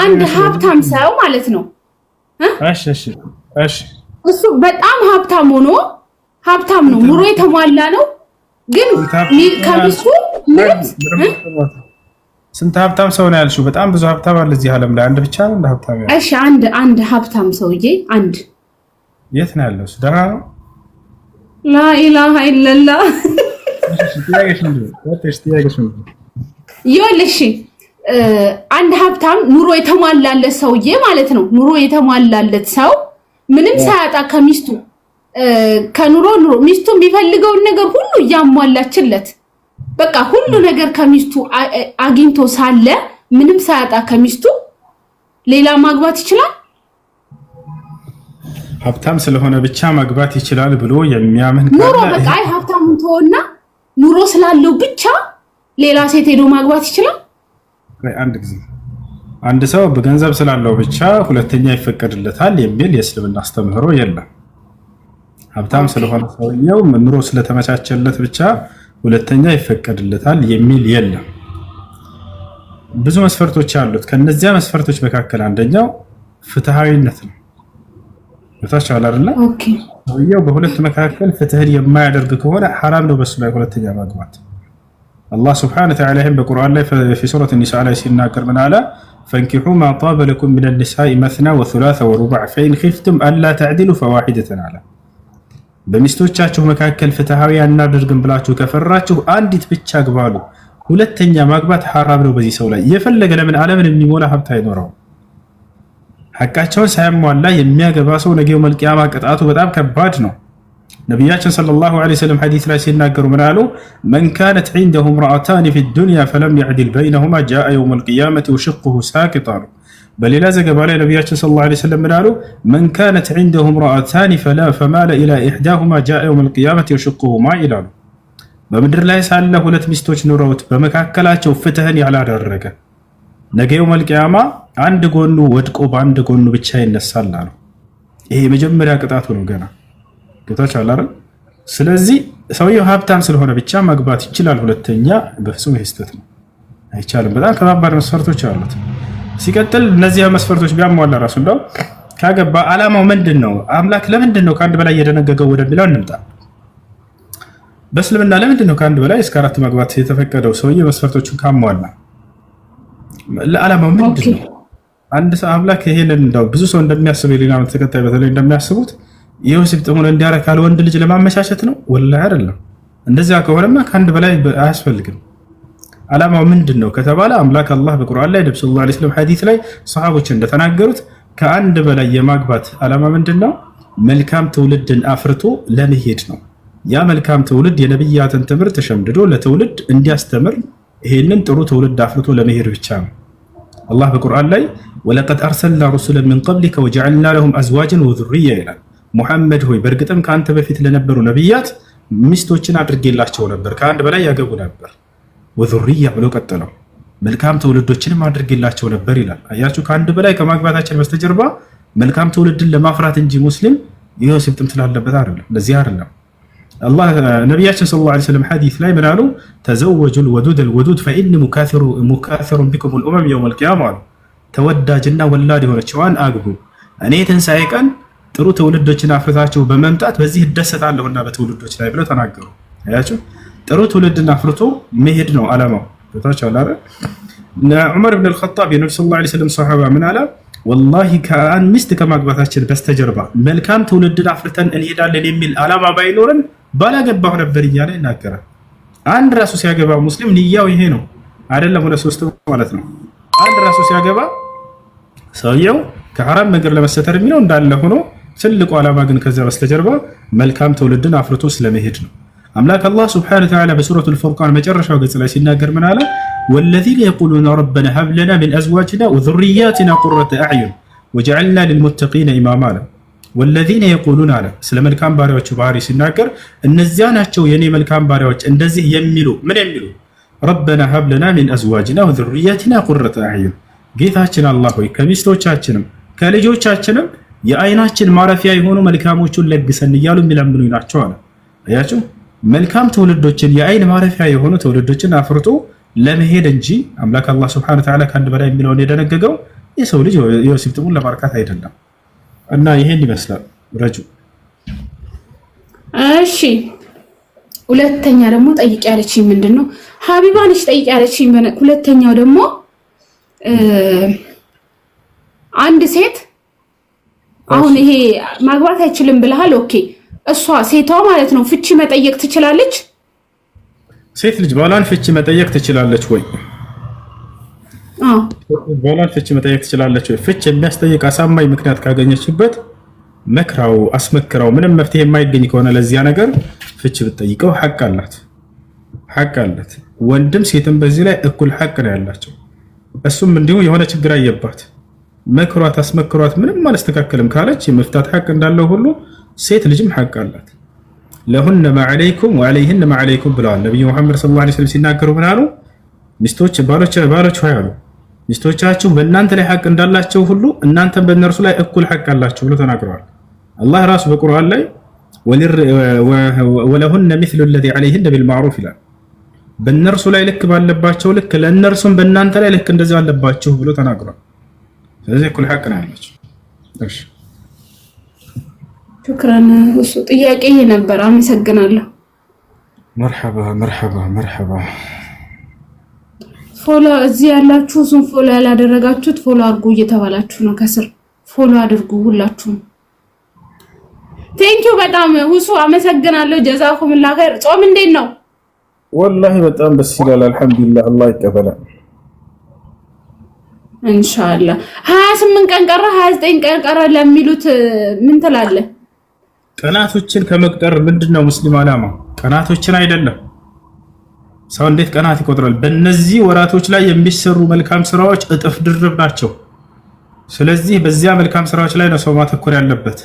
አንድ ሀብታም ሰው ማለት ነው። እሱ በጣም ሀብታም ሆኖ ሀብታም ነው፣ ኑሮ የተሟላ ነው። ግን ከሚስቱ ስንት ሀብታም ሰው ነው ያልሽው? በጣም ብዙ ሀብታም አለ እዚህ ዓለም ላይ። አንድ ብቻ ነው ሀብታም ያለው? እሺ አንድ አንድ ሀብታም ሰውዬ አንድ የት ነው ያለው? እሱ ደህና ነው። ላኢላሀ ኢለላህ ይወል እሺ አንድ ሀብታም ኑሮ የተሟላለት ሰውዬ ማለት ነው። ኑሮ የተሟላለት ሰው ምንም ሳያጣ ከሚስቱ ከኑሮ ኑሮ ሚስቱ የሚፈልገውን ነገር ሁሉ እያሟላችለት በቃ ሁሉ ነገር ከሚስቱ አግኝቶ ሳለ ምንም ሳያጣ ከሚስቱ ሌላ ማግባት ይችላል። ሀብታም ስለሆነ ብቻ ማግባት ይችላል ብሎ የሚያምን ኑሮ በቃ ሀብታም ተወና ኑሮ ስላለው ብቻ ሌላ ሴት ሄዶ ማግባት ይችላል። አንድ ጊዜ አንድ ሰው በገንዘብ ስላለው ብቻ ሁለተኛ ይፈቀድለታል የሚል የእስልምና አስተምህሮ የለም። ሀብታም ስለሆነ ሰውየው ምምሮ ስለተመቻቸለት ብቻ ሁለተኛ ይፈቀድለታል የሚል የለም። ብዙ መስፈርቶች አሉት። ከነዚያ መስፈርቶች መካከል አንደኛው ፍትሐዊነት ነው። ታች አለ አይደለ? ሰውየው በሁለት መካከል ፍትህን የማያደርግ ከሆነ ሀራም ነው በሱ ላይ ሁለተኛ ማግባት አላህ ስብሐነሁ ወተዓላ ይህም በቁርአን ላይ ፊ ሱረት ኒሳ ላይ ሲናገር ምን አለ? ፈንኪሑ ማ ጣበ ለኩም ሚነ ኒሳኢ መስና ወሱላሰ ወሩባዕ ፈኢን ኺፍቱም አላ ተዕዲሉ ፈዋሒደተን አለ። በሚስቶቻችሁ መካከል ፍትሐዊ አናደርግም ብላችሁ ከፈራችሁ አንዲት ብቻ ግባሉ። ሁለተኛ ማግባት ሐራም ነው። በዚህ ሰው ላይ የፈለገ ለምን ዓለምን የሚሞላ ሀብት አይኖረውም። ሐቃቸውን ሳያሟላ የሚያገባ ሰው ነገው መልቅያማ ቅጣቱ በጣም ከባድ ነው። ነቢያችን ሰለላሁ ዐለይሂ ወሰለም ሐዲስ ላይ ሲናገሩ ምን አሉ? መን ካነት ዒንደሁ ምርአታኒ ፊ ዱንያ ፈለም ያዕድል በይነሁማ ጃአ የውመል ቂያመቲ ወሽቅሁ ሳቂጣ ነው። በሌላ ዘገባ ላይ ነቢያችን ሰለላሁ ዐለይሂ ወሰለም ምን አሉ? መን ካነት ዒንደሁ ምርአታኒ ፈማለ ኢላ ኢሕዳሁማ ጃአ የውመል ቂያመቲ ወሽቅሁ ማኢላ ነው። በምድር ላይ ሳለ ሁለት ሚስቶች ኑረውት በመካከላቸው ፍትህን ያላደረገ ነገ የውመል ቂያማ አንድ ጎኑ ወድቆ በአንድ ጎኑ ብቻ ይነሳል አሉ። ይሄ የመጀመሪያ ቅጣቱ ነው ገና ገብታችኋል አይደል? ስለዚህ ሰውየው ሀብታም ስለሆነ ብቻ መግባት ይችላል። ሁለተኛ በፍጹም ይህ ስህተት ነው፣ አይቻልም። በጣም ከባባድ መስፈርቶች አሉት። ሲቀጥል እነዚህ መስፈርቶች ቢያሟላ ራሱ እንደው ካገባ አላማው ምንድን ነው? አምላክ ለምንድን ነው ከአንድ በላይ የደነገገው ወደሚለው እንምጣ። በእስልምና ለምንድን ነው ከአንድ በላይ እስከ አራት መግባት የተፈቀደው? ሰውየ መስፈርቶችን ካሟላ ለአላማው ምንድን ነው? አንድ ሰው አምላክ ይሄንን እንደው ብዙ ሰው እንደሚያስበው የሌላ ተከታይ በተለይ እንደሚያስቡት የወሲብ ጥሙን እንዲያረካል ወንድ ልጅ ለማመቻቸት ነው? ወላሂ አይደለም። እንደዚያ ከሆነማ ከአንድ በላይ አያስፈልግም። አላማው ምንድን ነው ከተባለ አምላክ አላህ በቁርአን ላይ ነብዩ ሰለላሁ ዐለይሂ ወሰለም ሐዲስ ላይ ሰሃቦች እንደተናገሩት ከአንድ በላይ የማግባት አላማ ምንድን ነው? መልካም ትውልድን አፍርቶ ለመሄድ ነው። ያ መልካም ትውልድ የነብያትን ትምህርት ተሸምድዶ ለትውልድ እንዲያስተምር ይሄንን ጥሩ ትውልድ አፍርቶ ለመሄድ ብቻ ነው። አላህ በቁርአን ላይ ወለቀድ አርሰልና ሩሱለን ሚን ቀብሊከ ወጀዐልና ለሁም አዝዋጅን ወዙርያ ይላል ሙሐመድ ሆይ በእርግጥም ከአንተ በፊት ለነበሩ ነቢያት ሚስቶችን አድርጌላቸው ነበር፣ ከአንድ በላይ ያገቡ ነበር። ወዙርያ ብሎ ቀጥለው መልካም ትውልዶችንም አድርጌላቸው ነበር ይላል። አያችሁ ከአንድ በላይ ከማግባታችን በስተጀርባ መልካም ትውልድን ለማፍራት እንጂ ሙስሊም ይኸው ሲብጥም ስላለበት አይደለም፣ ለዚህ አይደለም። አላህ ነቢያችን ሰለላሁ ዐለይሂ ወሰለም ሐዲስ ላይ ምን አሉ? ተዘወጁል ወዱደል ወዱድ ፈኢኒ ሙካሲሩን ቢኩም ልኡመም የውመል ቂያማ አሉ። ተወዳጅና ወላድ የሆነችዋን አግቡ እኔ ትንሣኤ ቀን ጥሩ ትውልዶችን አፍርታችሁ በመምጣት በዚህ እደሰታለሁ በትውልዶች ላይ ብለው ተናገሩ። አያችሁ ጥሩ ትውልድን አፍርቶ መሄድ ነው አላማው። ዑመር ብን አልኸጣብ የነብ ስ ላ ስለም ሰሓባ ምን አለ? ወላሂ ከአን ሚስት ከማግባታችን በስተጀርባ መልካም ትውልድን አፍርተን እንሄዳለን የሚል አላማ ባይኖርን ባላገባሁ ነበር እያለ ይናገራል። አንድ ራሱ ሲያገባ ሙስሊም ንያው ይሄ ነው አይደለም፣ ሁለት ሶስት ማለት ነው። አንድ ራሱ ሲያገባ ሰውየው ከሐራም ነገር ለመሰተር የሚለው እንዳለ ሆኖ ትልቁ ዓላማ ግን ከዚያ በስተጀርባ መልካም ትውልድን አፍርቶ ስለመሄድ ነው። አምላክ አላህ ስብሐነሁ ወተዓላ በሱረቱል ፉርቃን መጨረሻው ገጽ ላይ ሲናገር ምን አለ? ወለዚነ የቁሉነ ረበና ሀብ ለና ሚን አዝዋጅና ወዙርያቲና ቁረተ አዕዩን ወጀዐልና ሊልሙተቂነ ኢማማ አለ። ወለዚነ የቁሉን አለ ስለ መልካም ባሪያዎቹ ባህሪ ሲናገር እነዚያ ናቸው የኔ መልካም ባሪያዎች እንደዚህ የሚሉ ምን የሚሉ ረበና ሀብ ለና ሚን አዝዋጅና ወዙርያቲና ቁረተ አዕዩን ጌታችን አላህ ሆይ ከሚስቶቻችንም ከልጆቻችንም የአይናችን ማረፊያ የሆኑ መልካሞቹን ለግሰን እያሉ የሚለምኑ ናቸው አለ። አያችሁ መልካም ትውልዶችን የአይን ማረፊያ የሆኑ ትውልዶችን አፍርቶ ለመሄድ እንጂ አምላክ አላህ ስብሐነ ወተዓላ ከአንድ በላይ የሚለውን የደነገገው የሰው ልጅ የወሲብ ጥሙን ለማርካት አይደለም። እና ይሄን ይመስላል ረጁ። እሺ ሁለተኛ ደግሞ ጠይቅ ያለችኝ ምንድን ነው ሀቢባ ነች ጠይቅ ያለችኝ። ሁለተኛው ደግሞ አንድ ሴት አሁን ይሄ ማግባት አይችልም ብለሃል። ኦኬ እሷ ሴቷ ማለት ነው ፍቺ መጠየቅ ትችላለች? ሴት ልጅ ባሏን ፍቺ መጠየቅ ትችላለች ወይ? ባሏን ፍቺ መጠየቅ ትችላለች ወይ? ፍቺ የሚያስጠይቅ አሳማኝ ምክንያት ካገኘችበት መክራው፣ አስመክራው ምንም መፍትሄ የማይገኝ ከሆነ ለዚያ ነገር ፍቺ ብትጠይቀው ሐቅ አላት፣ ሐቅ አላት። ወንድም ሴትም በዚህ ላይ እኩል ሐቅ ነው ያላቸው። እሱም እንዲሁ የሆነ ችግር አየባት መክሯት አስመክሯት ምንም አላስተካከልም ካለች የመፍታት ሐቅ እንዳለው ሁሉ ሴት ልጅም ሐቅ አላት። ለሁነ ማዓለይኩም ወዓለይህን ማዓለይኩም ብለዋል ነቢዩ መሐመድ ሰለላሁ ዓለይሂ ወሰለም ሲናገሩ ምን አሉ? ሚስቶች ባሎች አሉ ሚስቶቻችሁ በእናንተ ላይ ሐቅ እንዳላቸው ሁሉ እናንተም በእነርሱ ላይ እኩል ሐቅ አላቸው ብሎ ተናግረዋል። አላህ ራሱ በቁርአን ላይ ወለሁነ ሚስሉ ለዚ ዓለይህን ቢልማዕሩፍ ይላል። በእነርሱ ላይ ልክ ባለባቸው ልክ ለእነርሱም በእናንተ ላይ ልክ እንደዚህ አለባችሁ ብሎ ተናግሯል። ስለዚህ እኩል ሀቅ ነው ያለች። ሹክራን እሱ ጥያቄ ነበር። አመሰግናለሁ። መርሐባ መርሐባ መርሐባ። ፎሎ እዚህ ያላችሁ እሱን ፎሎ ያላደረጋችሁት ፎሎ አድርጉ እየተባላችሁ ነው። ከስር ፎሎ አድርጉ ሁላችሁም። ቴንኪዩ በጣም ውሱ አመሰግናለሁ። ጀዛኩም ላኸር። ጾም እንዴት ነው? ወላሂ በጣም ደስ ይላል። አልሐምዱሊላህ አላህ ይቀበላል። እንሻላ ሀያ ስምንት ቀን ቀረ፣ ሀያ ዘጠኝ ቀን ቀረ ለሚሉት ምን ትላለህ? ቀናቶችን ከመቅጠር ምንድን ነው ሙስሊም አላማ? ቀናቶችን አይደለም። ሰው እንዴት ቀናት ይቆጥራል? በእነዚህ ወራቶች ላይ የሚሰሩ መልካም ስራዎች እጥፍ ድርብ ናቸው። ስለዚህ በዚያ መልካም ስራዎች ላይ ነው ሰው ማተኮር ያለበት።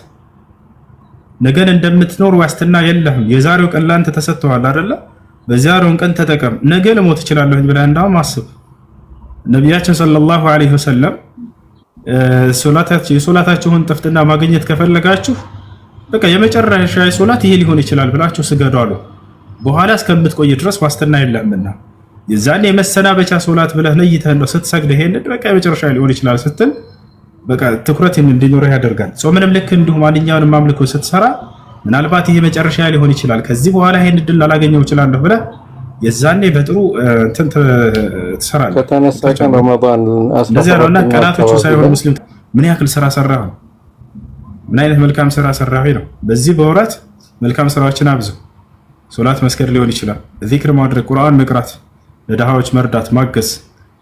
ነገን እንደምትኖር ዋስትና የለህም። የዛሬው ቀን ላንተ ተሰጥተዋል አይደለም? በዛሬውን ቀን ተጠቀም። ነገ ልሞት እችላለሁ ብለህ እንዳውም አስብ። ነቢያችን ሰለላሁ ዐለይሂ ወሰለም የሶላታችሁን ጥፍጥና ማግኘት ከፈለጋችሁ በቃ የመጨረሻ ሶላት ይሄ ሊሆን ይችላል ብላችሁ ስገዱ አሉ። በኋላ እስከምትቆይ ድረስ ዋስትና የለምና የዛን የመሰናበቻ ሶላት ብለህ ለይተህ ነው ስትሰግድ ይሄንን በቃ የመጨረሻ ሊሆን ይችላል ስትል በቃ ትኩረት እንዲኖረህ ያደርጋል። ጾምንም ልክ እንዲሁ ማንኛውንም አምልኮ ስትሰራ ምናልባት ይሄ መጨረሻ ሊሆን ይችላል ከዚህ በኋላ ይሄን እድል ላላገኘው እችላለሁ ብለህ የዛኔ በጥሩ እንትን ትሰራለህ። ቀናቶቹ ሳይሆን ሙስሊም ምን ያክል ስራ ሰራ ነው፣ ምን አይነት መልካም ስራ ሰራህ ነው። በዚህ በወራት መልካም ስራዎችን አብዙ። ሶላት መስገድ ሊሆን ይችላል፣ ዚክር ማድረግ፣ ቁርአን መቅራት፣ ለድሃዎች መርዳት፣ ማገዝ።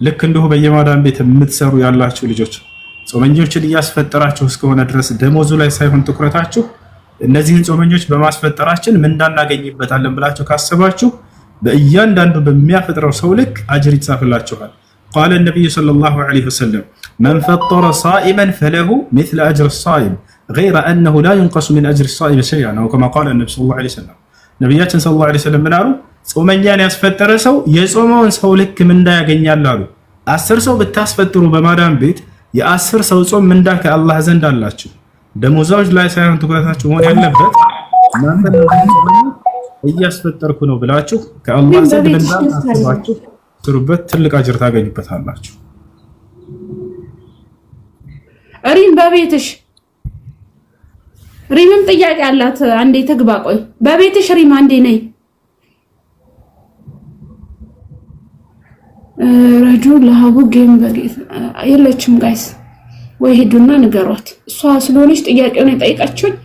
ልክ እንዲሁ በየማዳን ቤት የምትሰሩ ያላችሁ ልጆች ጾመኞችን እያስፈጠራችሁ እስከሆነ ድረስ ደሞዙ ላይ ሳይሆን ትኩረታችሁ እነዚህን ጾመኞች በማስፈጠራችን ምን እንዳናገኝበታለን ብላችሁ ካሰባችሁ በእያንዳንዱ በሚያፈጥረው ሰው ልክ አጅር ይጻፍላችኋል። ቃለ ነቢዩ ሰለላሁ ዐለይሂ ወሰለም መን ፈጠረ ሳኢመን ፈለሁ ሚስለ አጅር ሳኢም ገይረ አነሁ ላ ዩንቀሱ ሚን አጅር ሳኢም ሸይአን አው ከማ ቃለ ነቢ ሰለላሁ ዐለይሂ ወሰለም። ነቢያችን ሰለላሁ ዐለይሂ ወሰለም ምን አሉ? ጾመኛን ያስፈጠረ ሰው የጾመውን ሰው ልክ ምንዳ ያገኛል አሉ። አስር ሰው ብታስፈጥሩ በማዳም ቤት የአስር ሰው ጾም ምንዳ ከአላህ ዘንድ አላችሁ። ደሞዛዎች ላይ ሳይሆን ትኩረታችሁ መሆን ያለበት እያስፈጠርኩ ነው ብላችሁ ከአላህ ዘንድ ምንዳን ትሩበት ትልቅ አጅር ታገኙበታላችሁ። ሪም በቤትሽ ሪምም ጥያቄ አላት። አንዴ ትግባ። ቆይ በቤትሽ ሪም አንዴ ነይ። ረጁ ለሀቡ ጌም በጌት የለችም ጋይስ ወይ ሄዱና ንገሯት። እሷ ስለሆነች ጥያቄውን የጠይቃችሁኝ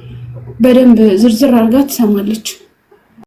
በደንብ ዝርዝር አድርጋ ትሰማለች።